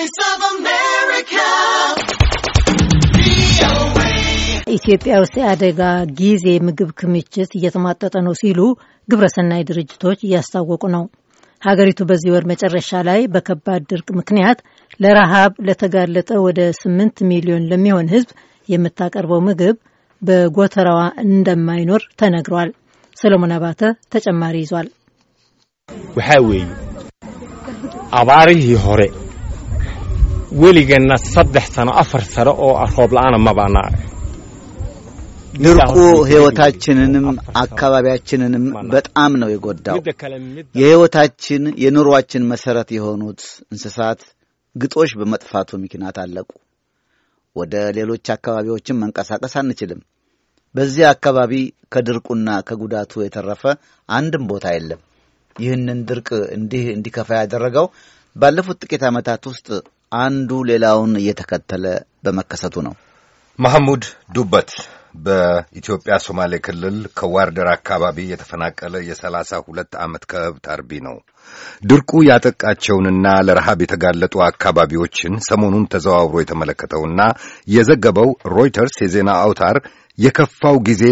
Voice of America. ኢትዮጵያ ውስጥ የአደጋ ጊዜ ምግብ ክምችት እየተሟጠጠ ነው ሲሉ ግብረሰናይ ድርጅቶች እያስታወቁ ነው። ሀገሪቱ በዚህ ወር መጨረሻ ላይ በከባድ ድርቅ ምክንያት ለረሃብ ለተጋለጠ ወደ ስምንት ሚሊዮን ለሚሆን ሕዝብ የምታቀርበው ምግብ በጎተራዋ እንደማይኖር ተነግሯል። ሰለሞን አባተ ተጨማሪ ይዟል። waxaa weeye አባሪ ሆሬ weligeenna saddex sano afar sano oo ah roob la-aana mabaana ድርቁ ሕይወታችንንም አካባቢያችንንም በጣም ነው የጎዳው። የሕይወታችን የኑሯችን መሠረት የሆኑት እንስሳት ግጦሽ በመጥፋቱ ምክንያት አለቁ። ወደ ሌሎች አካባቢዎችን መንቀሳቀስ አንችልም። በዚህ አካባቢ ከድርቁና ከጉዳቱ የተረፈ አንድም ቦታ የለም። ይህንን ድርቅ እንዲህ እንዲከፋ ያደረገው ባለፉት ጥቂት ዓመታት ውስጥ አንዱ ሌላውን እየተከተለ በመከሰቱ ነው። መሐሙድ ዱበት በኢትዮጵያ ሶማሌ ክልል ከዋርደር አካባቢ የተፈናቀለ የሰላሳ ሁለት ዓመት ከብት አርቢ ነው። ድርቁ ያጠቃቸውንና ለረሃብ የተጋለጡ አካባቢዎችን ሰሞኑን ተዘዋውሮ የተመለከተውና የዘገበው ሮይተርስ የዜና አውታር የከፋው ጊዜ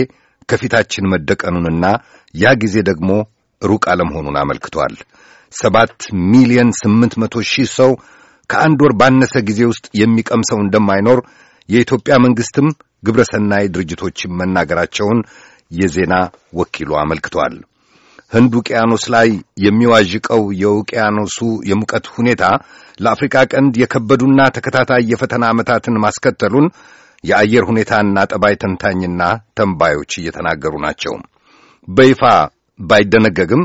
ከፊታችን መደቀኑንና ያ ጊዜ ደግሞ ሩቅ አለመሆኑን አመልክቷል። ሰባት ሚሊዮን ስምንት መቶ ሺህ ሰው ከአንድ ወር ባነሰ ጊዜ ውስጥ የሚቀምሰው እንደማይኖር የኢትዮጵያ መንግሥትም ግብረሰናይ ድርጅቶች ድርጅቶችም መናገራቸውን የዜና ወኪሉ አመልክቷል። ህንድ ውቅያኖስ ላይ የሚዋዥቀው የውቅያኖሱ የሙቀት ሁኔታ ለአፍሪካ ቀንድ የከበዱና ተከታታይ የፈተና ዓመታትን ማስከተሉን የአየር ሁኔታና ጠባይ ተንታኝና ተንባዮች እየተናገሩ ናቸው። በይፋ ባይደነገግም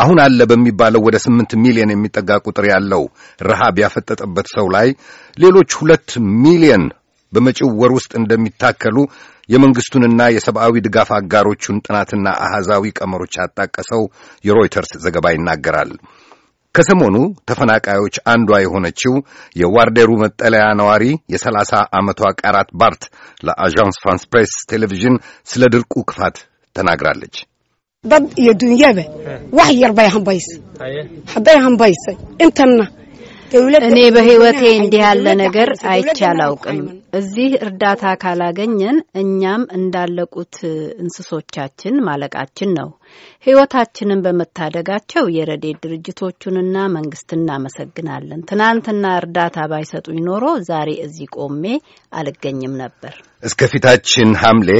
አሁን አለ በሚባለው ወደ ስምንት ሚሊዮን የሚጠጋ ቁጥር ያለው ረሃብ ያፈጠጠበት ሰው ላይ ሌሎች ሁለት ሚሊዮን በመጪው ወር ውስጥ እንደሚታከሉ የመንግስቱንና የሰብአዊ ድጋፍ አጋሮቹን ጥናትና አሃዛዊ ቀመሮች ያጣቀሰው የሮይተርስ ዘገባ ይናገራል። ከሰሞኑ ተፈናቃዮች አንዷ የሆነችው የዋርዴሩ መጠለያ ነዋሪ የሰላሳ ዓመቷ ቃራት ባርት ለአዣንስ ፍራንስ ፕሬስ ቴሌቪዥን ስለ ድርቁ ክፋት ተናግራለች። dad iyo dunyaba wax yar bay hambaysay hadday hambaysay intana እኔ በሕይወቴ እንዲህ ያለ ነገር አይቼ አላውቅም። እዚህ እርዳታ ካላገኘን እኛም እንዳለቁት እንስሶቻችን ማለቃችን ነው። ህይወታችንን በመታደጋቸው የረድኤት ድርጅቶቹንና መንግስት እናመሰግናለን። ትናንትና እርዳታ ባይሰጡኝ ኖሮ ዛሬ እዚህ ቆሜ አልገኝም ነበር። እስከ ሐምሌ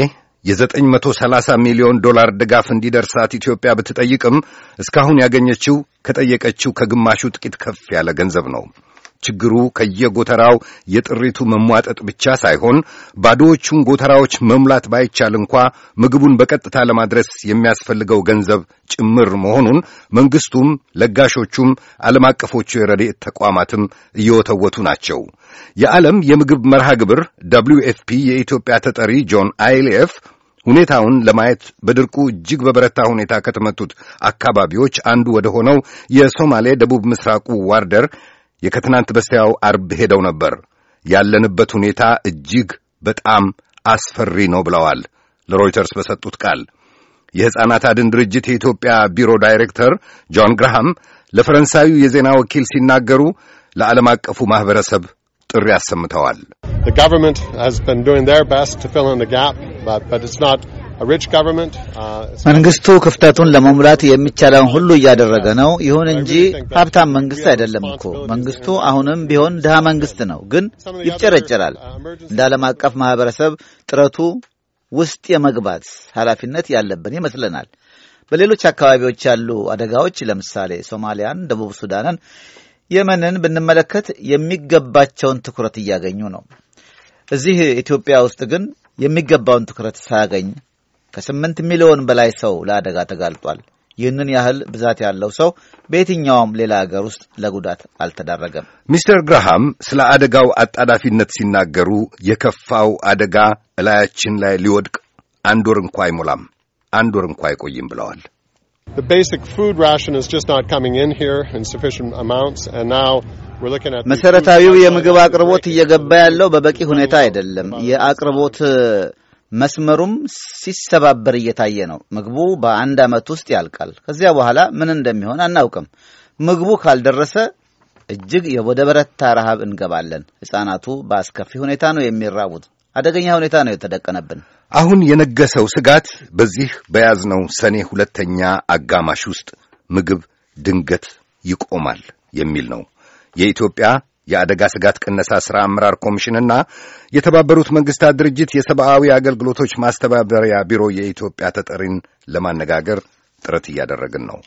የ930 ሚሊዮን ዶላር ድጋፍ እንዲደርሳት ኢትዮጵያ ብትጠይቅም እስካሁን ያገኘችው ከጠየቀችው ከግማሹ ጥቂት ከፍ ያለ ገንዘብ ነው። ችግሩ ከየጎተራው የጥሪቱ መሟጠጥ ብቻ ሳይሆን ባዶዎቹን ጎተራዎች መሙላት ባይቻል እንኳ ምግቡን በቀጥታ ለማድረስ የሚያስፈልገው ገንዘብ ጭምር መሆኑን መንግስቱም ለጋሾቹም ዓለም አቀፎቹ የረድኤት ተቋማትም እየወተወቱ ናቸው። የዓለም የምግብ መርሃ ግብር ደብሊው ኤፍ ፒ የኢትዮጵያ ተጠሪ ጆን አይልኤፍ ሁኔታውን ለማየት በድርቁ እጅግ በበረታ ሁኔታ ከተመቱት አካባቢዎች አንዱ ወደ ሆነው የሶማሌ ደቡብ ምስራቁ ዋርደር የከትናንት በስቲያው አርብ ሄደው ነበር። ያለንበት ሁኔታ እጅግ በጣም አስፈሪ ነው ብለዋል ለሮይተርስ በሰጡት ቃል። የሕፃናት አድን ድርጅት የኢትዮጵያ ቢሮ ዳይሬክተር ጆን ግርሃም ለፈረንሳዩ የዜና ወኪል ሲናገሩ ለዓለም አቀፉ ማኅበረሰብ ጥሪ አሰምተዋል። Uh, መንግስቱ ክፍተቱን ለመሙላት የሚቻለውን ሁሉ እያደረገ ነው። ይሁን እንጂ ሀብታም መንግስት አይደለም እኮ። መንግስቱ አሁንም ቢሆን ድሃ መንግስት ነው፣ ግን ይፍጨረጨራል። uh, እንደ ዓለም አቀፍ ማህበረሰብ ጥረቱ ውስጥ የመግባት ኃላፊነት ያለብን ይመስለናል። በሌሎች አካባቢዎች ያሉ አደጋዎች ለምሳሌ ሶማሊያን፣ ደቡብ ሱዳንን፣ የመንን ብንመለከት የሚገባቸውን ትኩረት እያገኙ ነው። እዚህ ኢትዮጵያ ውስጥ ግን የሚገባውን ትኩረት ሳያገኝ ከስምንት ሚሊዮን በላይ ሰው ለአደጋ ተጋልጧል። ይህንን ያህል ብዛት ያለው ሰው በየትኛውም ሌላ አገር ውስጥ ለጉዳት አልተዳረገም። ሚስተር ግርሃም ስለ አደጋው አጣዳፊነት ሲናገሩ የከፋው አደጋ እላያችን ላይ ሊወድቅ አንድ ወር እንኳ አይሞላም፣ አንድ ወር እንኳ አይቆይም ብለዋል። መሰረታዊው የምግብ አቅርቦት እየገባ ያለው በበቂ ሁኔታ አይደለም። የአቅርቦት መስመሩም ሲሰባበር እየታየ ነው። ምግቡ በአንድ ዓመት ውስጥ ያልቃል። ከዚያ በኋላ ምን እንደሚሆን አናውቅም። ምግቡ ካልደረሰ እጅግ ወደ በረታ ረሃብ እንገባለን። ሕፃናቱ በአስከፊ ሁኔታ ነው የሚራቡት። አደገኛ ሁኔታ ነው የተደቀነብን። አሁን የነገሰው ስጋት በዚህ በያዝነው ሰኔ ሁለተኛ አጋማሽ ውስጥ ምግብ ድንገት ይቆማል የሚል ነው። የኢትዮጵያ የአደጋ ስጋት ቅነሳ ሥራ አመራር ኮሚሽንና የተባበሩት መንግሥታት ድርጅት የሰብአዊ አገልግሎቶች ማስተባበሪያ ቢሮ የኢትዮጵያ ተጠሪን ለማነጋገር ጥረት እያደረግን ነው።